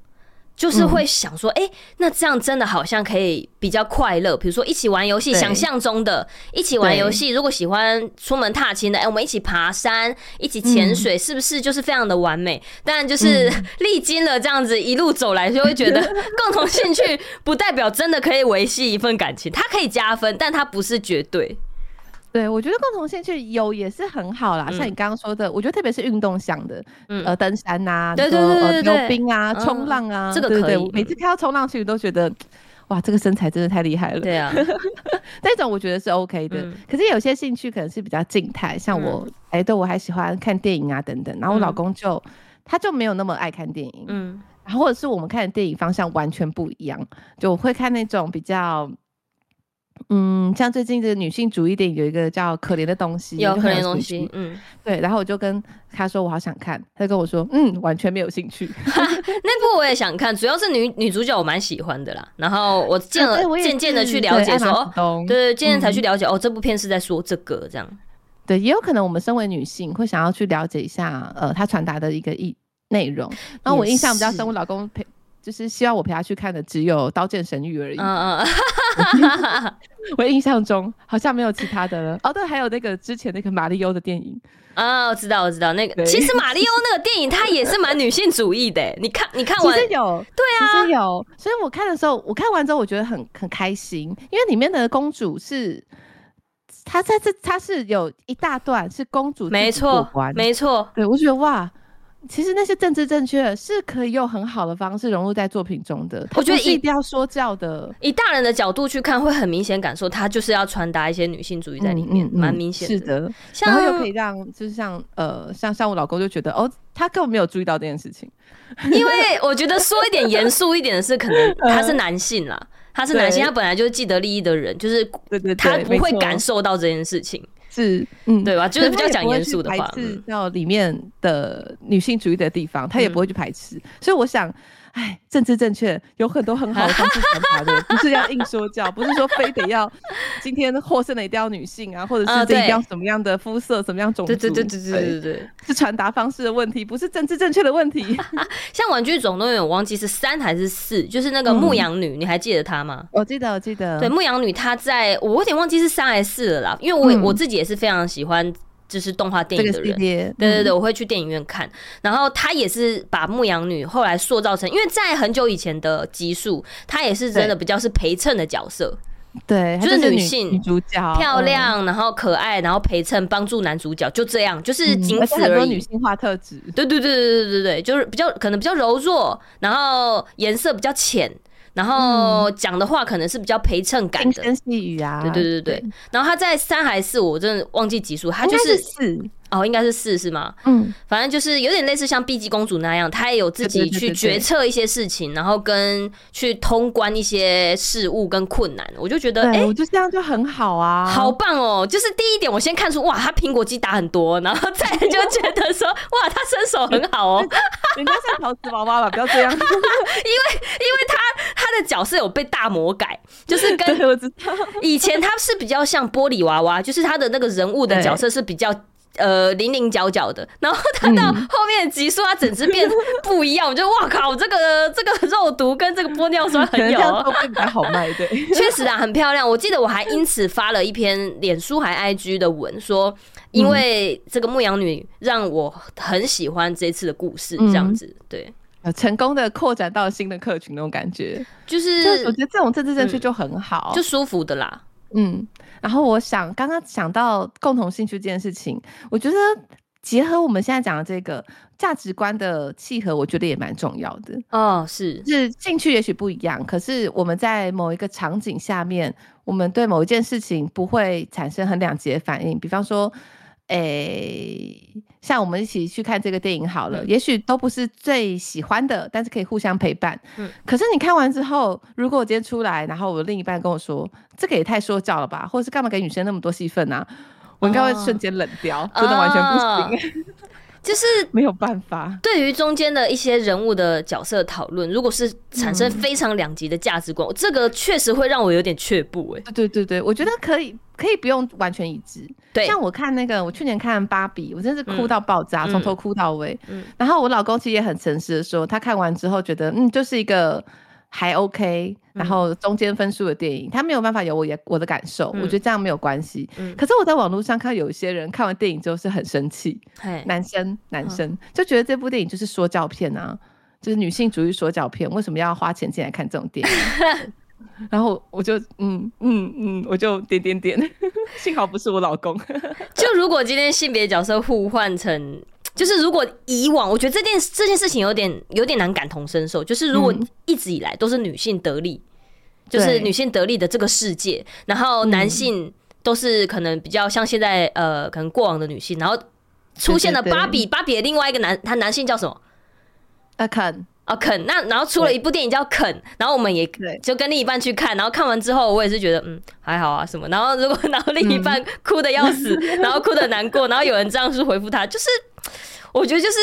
[SPEAKER 1] 就是會想說，哎，那這樣真的好像可以比較快樂。比如說一起玩遊戲，想象中的一起玩遊戲。如果喜歡出門踏青的，哎，我們一起爬山，一起潛水，是不是就是非常的完美？但就是歷經了這樣子一路走來，就會覺得共同興趣不代表真的可以維繫一份感情。它可以加分，但它不是絕對。
[SPEAKER 2] 對，我覺得共同興趣有也是很好啦，像你剛剛說的，我覺得特別是運動項的，呃，登山吶，對對對，溜冰啊，衝浪啊，這個可以。每次看到衝浪，其實都覺得，哇，這個身材真的太厲害了。對啊，那種我覺得是 OK 的。可是有些興趣可能是比較靜態，像我，哎對，我還喜歡看電影啊等等。然後我老公就，他就沒有那麼愛看電影，嗯，然後或者是我們看的電影方向完全不一樣，就會看那種比較。嗯，像最近這個女性主義電影有一個叫《可憐的東西》，有《可憐的東西》，嗯，對。然後我就跟他說我好想看，他就跟我說，嗯，完全沒有興趣
[SPEAKER 1] 哈。那部我也想看， 主要是女女主角我蠻喜歡的啦。然後我漸了漸漸的去了解，說，對漸漸、哦、才去了解，嗯、哦，這部片是在說這個這樣。
[SPEAKER 2] 對，也有可能我們身為女性會想要去了解一下，呃，他傳達的一個意內容。然後我印象比較深，我老公陪。就是希望我陪她去看的只有《刀劍神域》而已。嗯嗯， 我印象中好像沒有其他的了。 哦，對，還有那個之前那個瑪利歐的電影
[SPEAKER 1] 哦，嗯，我知道，我知道那個。對。其實瑪利歐那個電影它也是蠻女性主義的。 你看，你看完，其實有
[SPEAKER 2] 對啊，其實有。所以我看的時候，我看完之後我覺得很很開心，因為裡面的公主是她在這，她是有一大段是公主沒錯，沒錯。對我覺得哇。其實那些政治正確是可以用很好的方式融入在作品中的，
[SPEAKER 1] 我覺得一定要說教的。以大人的角度去看，會很明顯感受，他就是要傳達一些女性主義在裡面，蠻、嗯嗯嗯、明顯的。是的像然後又
[SPEAKER 2] 可以讓，就是像呃，像像我老公就覺得，哦，他根本沒有注意到這件事情，
[SPEAKER 1] 因為我覺得說一點嚴肅一點的是，可能他是男性啦，呃、他是男性，對他本來就是既得利益的人，就是他不會感受到這件事情。對對對。是，嗯，對吧？就是比較講嚴肅的話，是
[SPEAKER 2] 要裡面的女性主義的地方，他也不會去排斥。嗯，所以我想。唉，政治正確有很多很好的方式傳達的， 不是要硬說教， 不是說非得要今天獲勝的一定要女性啊，或者是這一定要什麼樣的膚色、呃、色、什麼樣種族。對對對對對對對，是傳達方式的問題，不是政治正確的問題。
[SPEAKER 1] 像玩具總動員，我忘記是三還是四，就是那個牧羊女，嗯、你還記得她嗎？
[SPEAKER 2] 我記得，我記得。對，牧
[SPEAKER 1] 羊女，她在，我有點忘記是三還是四了啦，因為我、嗯、我自己也是非常喜歡。就是動畫電影的人，對對對，我會去電影院看。然後她也是把牧羊女後來塑造成，因為在很久以前的集數，她也是真的比較是陪襯的角色，
[SPEAKER 2] 對，就是女性主角漂亮，
[SPEAKER 1] 然後可愛，然後陪襯幫助男主角，就這樣，就是僅此而已。女
[SPEAKER 2] 性化特質，
[SPEAKER 1] 對對對對對對對，對，就是比較可能比較柔弱，然後顏色比較淺。然後講的話可能是比較陪襯感的，輕聲細語啊，對對對對。然後他在三還是四，我真的忘記集數，他就是四。哦，應該是四，是嗎？嗯，反正就是有點類似像《碧姬公主》那樣，她也有自己去決策一些事情，對對對對，然後跟去通關一些事物跟困難。我就覺得，哎對，欸、我就這樣就很好啊，好棒哦！就是第一點，我先看出哇，她蘋果肌打很多，然後再來就覺得說， 哇，她身手很好哦。人 家像陶瓷娃娃吧，不要這樣， 因為因為他他的角色有被大魔改，就是跟以前他是比較像玻璃娃娃，就是他的那個人物的角色是比較。呃，零零角角的，然後他到後面集數，他整隻變不一樣，嗯、我覺得哇靠，這個這個肉毒跟這個玻尿酸很有，這樣更還好賣對，確實啊，很漂亮。我記得我還因此發了一篇臉書還 IG 的文，說因為這個牧羊女讓我很喜歡這次的故事，這樣子、嗯、對，
[SPEAKER 2] 成功的擴展到新的客群那種感覺，就是就我覺得這種政治正確就很好、嗯，就
[SPEAKER 1] 舒服的啦，嗯。
[SPEAKER 2] 然後我想，剛剛想到共同興趣這件事情，我覺得結合我們現在講的這個價值觀的契合，我覺得也蠻重要的。哦，是，是興趣也許不一樣，可是我們在某一個場景下面，我們對某一件事情不會產生很兩極的反應。比方說。哎、欸，像我們一起去看這個電影好了，嗯、也許都不是最喜歡的，但是可以互相陪伴。嗯、可是你看完之後，如果我今天出來，然後我另一半跟我說、嗯、這個也太說教了吧，或者是幹嘛給女生那麼多戲份呢？我應該會瞬間冷掉，啊、真的完全不行、欸。啊、
[SPEAKER 1] 就是沒有辦法。對於中間的一些人物的角色討論，如果是產生非常兩極的價值觀，嗯、這個確實會讓我有點卻步、欸。誒，對對對對，我覺得可以，可以不用完全一致。對像我看那個，我去年看芭比，我真的是哭到
[SPEAKER 2] 爆炸，嗯、從頭哭到尾。嗯、然後我老公其實也很誠實的說，他看完之後覺得，嗯，就是一個還 OK，然後中間分數的電影。嗯、他沒有辦法有我也我的感受，我覺得這樣沒有關係。嗯、可是我在網絡上看，有一些人看完電影之後是很生氣嘿，男生男生、嗯、就覺得這部電影就是說教片啊，就是女性主義說教片，為什麼要花錢進來看這種電影？ 然後
[SPEAKER 1] 我就嗯嗯嗯，我就點點點，幸好不是我老公。 就如果今天性別角色互換成，就是如果以往我覺得這件這件事情有點有點難感同身受，就是如果一直以來都是女性得利，嗯、就是女性得利的這個世界，對然後男性都是可能比較像現在呃，可能過往的女性，然後出現了芭比芭比的另外一個男他男性叫什麼？阿肯、啊。啊肯，那然後出了一部電影叫肯，對然後我們也就跟另一半去看，然後看完之後我也是覺得嗯還好啊什麼，然後如果然後另一半哭的要死，嗯、 然後哭的難過，然後有人這樣是回復他，就是我覺得就是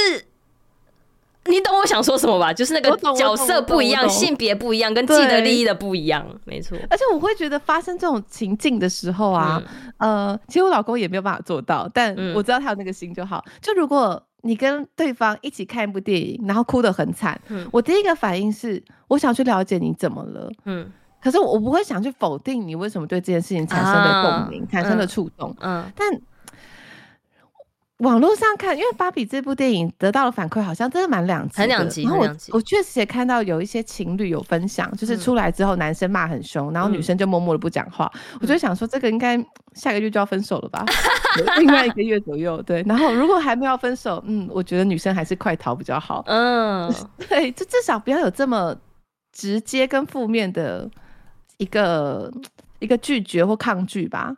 [SPEAKER 1] 你懂我想說什麼吧，就是那個角色不一樣，性別不一樣，跟既得利益的不一樣，對沒錯。
[SPEAKER 2] 而且我會覺得發生這種情境的時候啊，嗯、呃，其實我老公也沒有辦法做到，但我知道他有那個心就好。嗯、就如果。你跟對方一起看一部電影，然後哭得很慘。嗯、我第一個反應是，我想去了解你怎麼了。嗯，可是我不會想去否定你為什麼對這件事情產生了共鳴，啊、產生了觸動嗯。嗯，但。網絡上看，因為芭比這部電影得到了反饋，好像真的蠻兩極。很兩極，然後我確實也看到有一些情侶有分享，就是出來之後男生罵很凶，嗯、然後女生就默默的不講話。嗯、我就想說，這個應該下個月就要分手了吧？另外 一個月左右，對。然後如果還沒有分手，嗯，我覺得女生還是快逃比較好。嗯， 對，就至少不要有這麼直接跟負面的一個一個拒絕或抗拒吧。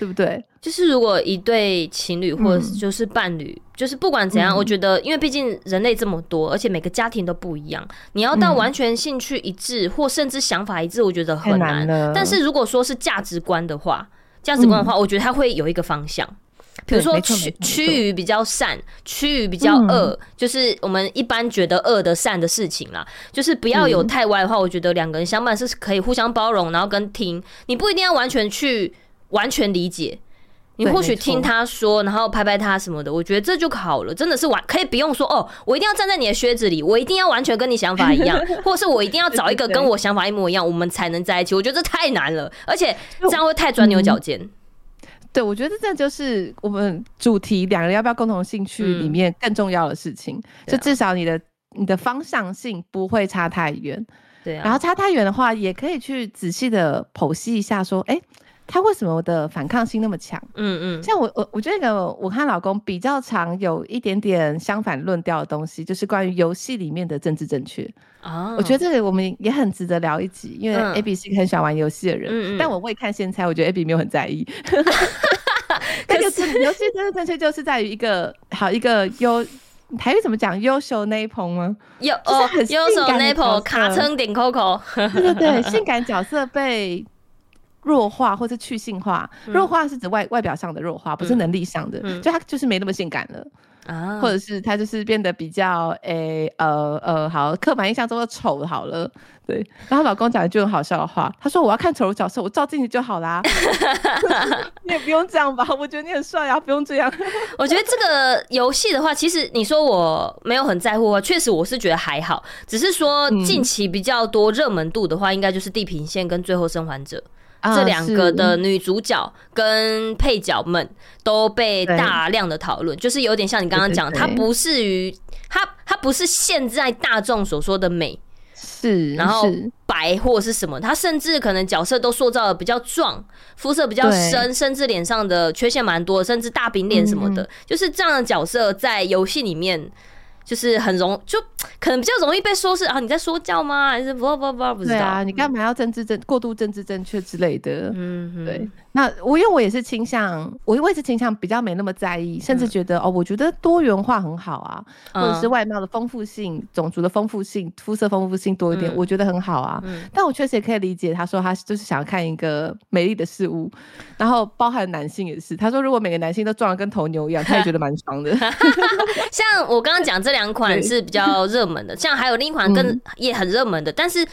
[SPEAKER 1] 對不對？就是如果一對情侶或者就是伴侶，就是不管怎樣，我覺得，因為畢竟人類這麼多，而且每個家庭都不一樣，你要到完全興趣一致或甚至想法一致，我覺得很難。但是如果說是價值觀的話，價值觀的話，我覺得它會有一個方向，比如說趨趨於比較善，趨於比較惡，就是我們一般覺得惡的善的事情啦，就是不要有太歪的話，我覺得兩個人相伴是可以互相包容，然後跟聽，你不一定要完全去。完全理解，你或許聽他說，然後拍拍他什麼的，我覺得這就好了。真的是完，可以不用說哦，我一定要站在你的靴子裡，我一定要完全跟你想法一樣， 或者是我一定要找一個跟我想法一模一樣， 我們才能在一起。我覺得這太難了，而且這樣會太鑽牛角尖，
[SPEAKER 2] 嗯。對，我覺得這就是我們主題，兩個人要不要共同興趣裡面更重要的事情。嗯、就至少你的、嗯、你的方向性不會差太遠。
[SPEAKER 1] 對、啊，然後
[SPEAKER 2] 差太遠的話，也可以去仔細的剖析一下，說，哎、欸。他為什麼我的反抗性那麼強、嗯？嗯嗯，像我我我覺得，我和他老公比較常有一點點相反論調的東西，就是關於遊戲裡面的政治正確、哦、
[SPEAKER 1] 我覺得這
[SPEAKER 2] 個我們也很值得聊一集，因為 Abby 是很喜歡玩遊戲的人，嗯嗯嗯、但我未看先猜，我覺得 Abby 沒有很在意。就是遊戲真的正確就是在於一個好一個優，台語怎麼講？優秀 Napoleon 嗎？
[SPEAKER 1] 有哦，優秀 Napoleon 卡稱頂 Coco，對對對，性感
[SPEAKER 2] 角色被。弱化或是去性化，嗯、弱化是指外外表上的弱化，不是能力上的，嗯、就他就是沒那麼性感了啊，嗯、或者是他就是變得比較誒、欸、呃呃，好刻板印象中的醜好了，對，然後老公講一句很好笑的話，他說我要看醜角色，我照鏡子就好啦。」
[SPEAKER 1] 你也不用這樣吧，我覺得你很帥啊，不用這樣， 我覺得這個遊戲的話，其實你說我沒有很在乎啊，確實我是覺得還好，只是說近期比較多熱門度的話，嗯、應該就是《地平線》跟《最後生還者》。
[SPEAKER 2] 這兩個的女
[SPEAKER 1] 主角跟配角們都被大量的討論，就是有點像你剛剛講的，她不是於她，她不是現在大眾所說的美是，然後白或是什麼，她甚至可能角色都塑造得比較壯，膚色比較深，甚至臉上的缺陷蠻多，甚至大餅臉什麼的，就是這樣的角色在遊戲裡面就是很容就。可能比較容易被說是啊，你在說教嗎？還是不，不，吧，不知道。對啊，你
[SPEAKER 2] 幹嘛要政治正、嗯、過度政治正確之類的？嗯哼對。那我因為我也是傾向，我我一直傾向比較沒那麼在意，嗯、甚至覺得哦，我覺得多元化很好啊，或者是外貌的豐富性、嗯、種族的豐富性、膚色豐富性多一點，嗯、我覺得很好啊。嗯、但我確實也可以理解，他說他就是想要看一個美麗的事物，然後包含男性也是。他說如果每個男性都壯得跟頭牛一樣，他也覺得蠻爽的。
[SPEAKER 1] 像我剛剛講這兩款是比較。熱門的，像還有另一款更也很熱門的，但是，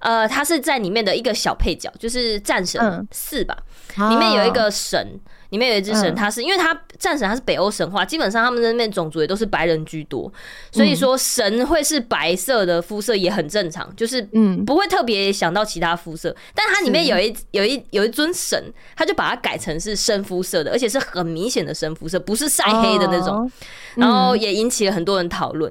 [SPEAKER 1] 呃，它是在裡面的一個小配角，就是戰神四吧，裡面有一個神，裡面有一隻神，它是因為它戰神，它是北歐神話，基本上他們那邊種族也都是白人居多，所以說神會是白色的膚色也很正常，就是嗯不會特別想到其他膚色，但它裡面有一有一有一尊神，他就把它改成是深膚色的，而且是很明顯的深膚色，不是曬黑的那種，
[SPEAKER 2] 然後也引
[SPEAKER 1] 起了很多人討論。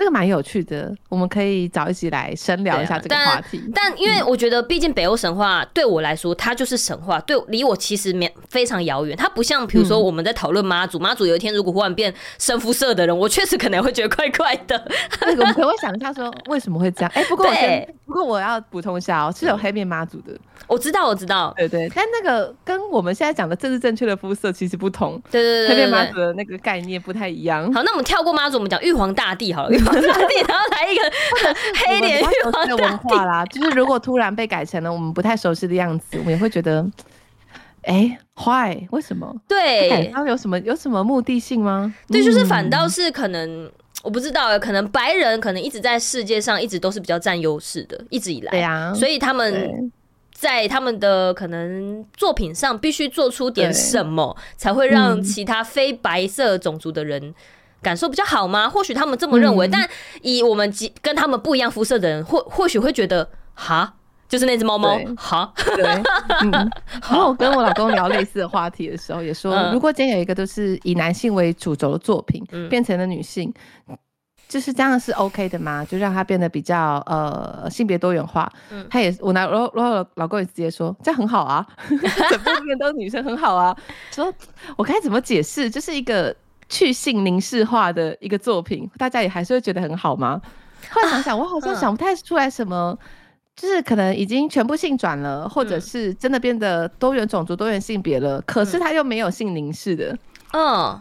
[SPEAKER 2] 這個蠻有趣的，我們可以找一集來深聊一下這個
[SPEAKER 1] 話題。啊、但，但因為我覺得，畢竟北歐神話對我來說，它就是神話，嗯、對離我其實面非常遙遠。它不像，比如說我們在討論媽祖，媽、嗯、祖有一天如果忽然變深膚色的人，我確實可能會覺得怪怪的。個我們可以會想一下說，
[SPEAKER 2] 為什麼會這樣？哎， 欸、不過我對不過我要補充一下哦、喔，是有黑面媽祖的，
[SPEAKER 1] 我知道，我知道，對，對對。
[SPEAKER 2] 但那個跟我們現在講的政治正式正確的膚色其實不同，對對，對，對，對黑面媽祖
[SPEAKER 1] 的那個概念不太一樣。好，那我們跳過媽祖，我們講玉皇大帝好了。 然後來一個黑臉， 有文化
[SPEAKER 2] 啦。 就是如果突然被改成了我們不太熟悉的樣子，我們也會覺得，哎、欸，壞，為什麼？對，他們有什麼有什麼目的性嗎？對，就是反倒
[SPEAKER 1] 是可能，嗯、我不知道，可能白人可能一直在世界上一直都是比較佔優勢的，一直以來，對、啊、所以他們在他們的可能作品上必須做出點什麼，對才會讓其他非白色種族的人。感受比較好嗎？或許他們這麼認為，嗯、但以我們跟他們不一樣膚色的人，或或許會覺得，哈，就是那只貓貓，哈。
[SPEAKER 2] 然後我跟我老公聊類似的話題的時候，也說，嗯、如果今天有一個都是以男性為主軸的作品，變成了女性，嗯、就是這樣是 OK 的嗎？就讓它變得比較呃性別多元化。嗯、他也我拿，然後然後老公也直接說，這樣很好啊， 整部片都是女生很好啊。說我該怎麼解釋？就是一個。去性凝視化的一個作品，大家也還是會覺得很好嗎？後來想想，我好像想不太出來什麼，啊嗯、就是可能已經全部性轉了，或者是真的變得多元種族、多元性別了，嗯、可是他又沒有性凝視的，嗯。哦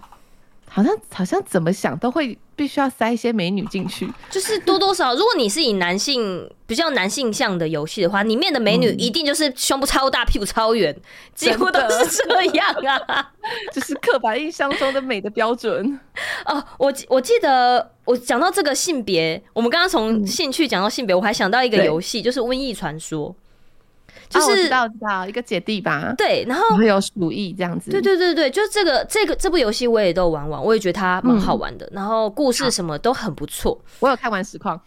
[SPEAKER 2] 好像好像怎麼想都會必須要塞一些美女進去，
[SPEAKER 1] 就是多多少少。 如果你是以男性比較男性向的遊戲的話，裡面的美女一定就是胸部超大，嗯、屁股超圓的幾乎都是這樣啊！這 是刻板印象中的美的標準。 哦，我我記得我講到這個性別，我們剛剛從興趣講到性別，嗯、我還想到一個遊戲，對就是《瘟疫傳說》。就是、哦、知道知道一個姐弟吧，對，然後沒
[SPEAKER 2] 有鼠疫這樣子，對
[SPEAKER 1] 對對對，就這個這個這部遊戲我也都玩玩，我也覺得它蠻好玩的，嗯、然後故事什麼都很不錯、啊。我有看完實況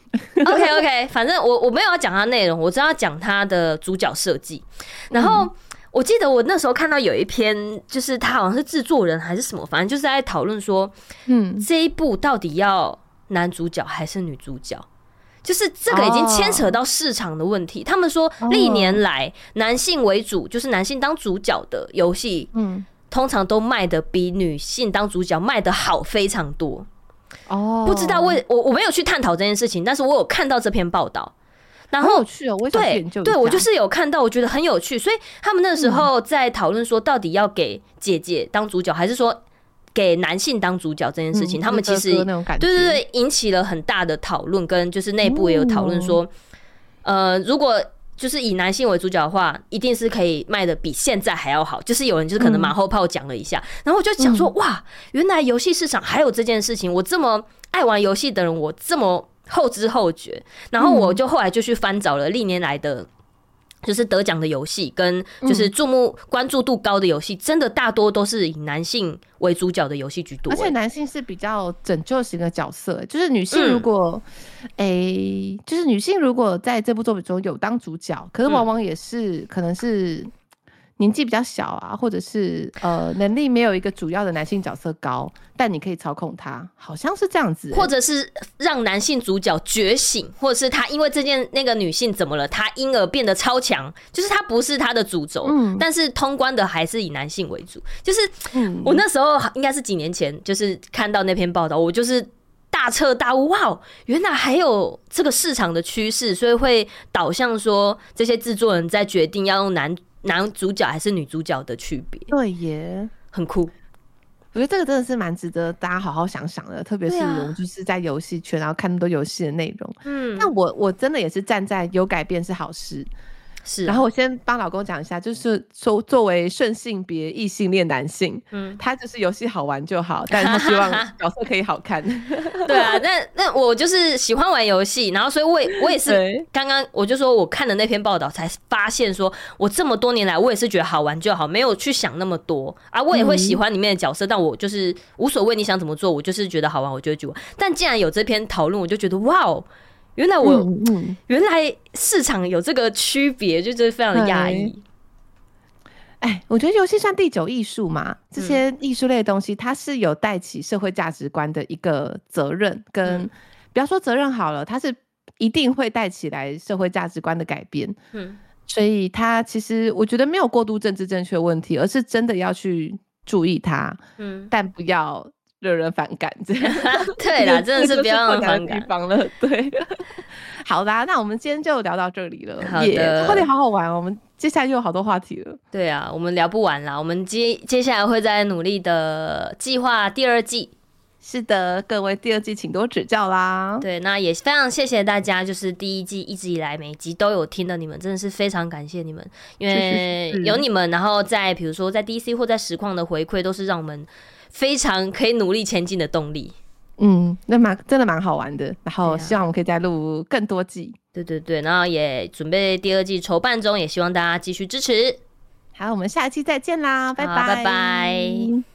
[SPEAKER 1] ，OK OK，反正我我沒有要講它內容，我只要講它的主角設計。然後、嗯、我記得我那時候看到有一篇，就是他好像是制作人還是什麼，反正就是在討論說，嗯，這一部到底要男主角還是女主角？就是這個已經牽扯到市場的問題。Oh. 他們說，歷年來男性為主，oh. 就是男性當主角的遊戲，嗯，mm. 通常都賣得比女性當主角賣得好非常多。哦，oh. 不知道為我我沒有去探討這件事情，但是我有看到這篇報道，
[SPEAKER 2] 然後很
[SPEAKER 1] 有趣哦，我就對，對我就是有看到，我覺得很有趣。所以他們那時候在討論說，到底要給姐姐當主角，嗯、還是說？給男性當主角這件事情，他們其實對對對，引起了很大的討論，跟就是內部也有討論說，呃，如果就是以男性為主角的話，一定是可以賣得比現在還要好。就是有人就是可能馬後炮講了一下，然後我就講說，哇，原來遊戲市場還有這件事情，我這麼愛玩遊戲的人，我這麼後知後覺，然後我就後來就去翻找了歷年來的。就是得獎的遊戲跟就是注目、關注度高的遊戲，嗯、真的大多都是以男性為主角的遊戲居多，而且
[SPEAKER 2] 男性是比較拯救型的角色，就是女性如果，哎、嗯欸，就是女性如果在這部作品中有當主角，可是往往也是可能是，嗯。年紀比較小啊，或者是呃能力沒有一個主要的男性角色高，但你可以操控他，好像是這樣子，欸，或者
[SPEAKER 1] 是讓男性主角覺醒，或者是他因為這件那個女性怎麼了，他因而變得超強，就是他不是他的主軸，嗯、但是通關的還是以男性為主。就是我那時候應該是幾年前，就是看到那篇報道，我就是大徹大悟，哇、哦，原來還有這個市場的趨勢，所以會導向說這些制作人在決定要用男。男主角還是女主角的區別？
[SPEAKER 2] 對耶，很酷。我覺得這個真的是蠻值得大家好好想想的，特別是我就是在遊戲圈，啊、然後看很多遊戲的內容。嗯，那我我真的也是站在有改變是好事。是、啊，然後我先幫老公講一下，就是說作為順性別異性戀男性，嗯，他就是遊戲好玩就好，但他希望
[SPEAKER 1] 角色可以好看。 對啊，那那我就是喜歡玩遊戲，然後所以我也我也是剛剛我就說我看的那篇報道才發現，說我這麼多年來我也是覺得好玩就好，沒有去想那麼多啊，我也會喜歡裡面的角色，嗯、但我就是無所謂你想怎麼做，我就是覺得好玩，我就去玩。但既然有這篇討論，我就覺得哇哦。原來我、嗯嗯、原來市場有這個區別，就是非常的壓抑。
[SPEAKER 2] 哎、嗯，我覺得遊戲算第九藝術嘛，這些藝術類的東西，嗯、它是有帶起社會價值觀的一個責任，跟、嗯、比方說責任好了，它是一定會帶起來社會價值觀的改變。嗯、所以它其實我覺得沒有過度政治正確問題，而是真的要去注意它。嗯，但不要。惹人反感，這樣 對啦 真的是不要。敏了。 對， 好的，那我們今天就聊到這裡了。好的，今、yeah, 好好玩、哦。我們接下來又有好多話題了。
[SPEAKER 1] 對啊，我們聊不完啦。我們接接下來會再努力的計劃第二季。 是的，各位，第二季請多指教啦。對，那也非常謝謝大家，就是第一季一直以來每一集都有聽的你們，真的是非常感謝你們，因為有你們， 然後在比如說在 D C 或在實況的回饋，都是讓我們。非常可以努力前進的動力，
[SPEAKER 2] 嗯，那蠻真的蠻好玩的。然後希望我們可以再錄更
[SPEAKER 1] 多季，對對對，然後也準備第二季籌辦中，也希望大家繼續支持。好，我們下一期再見啦，拜拜好拜拜。拜拜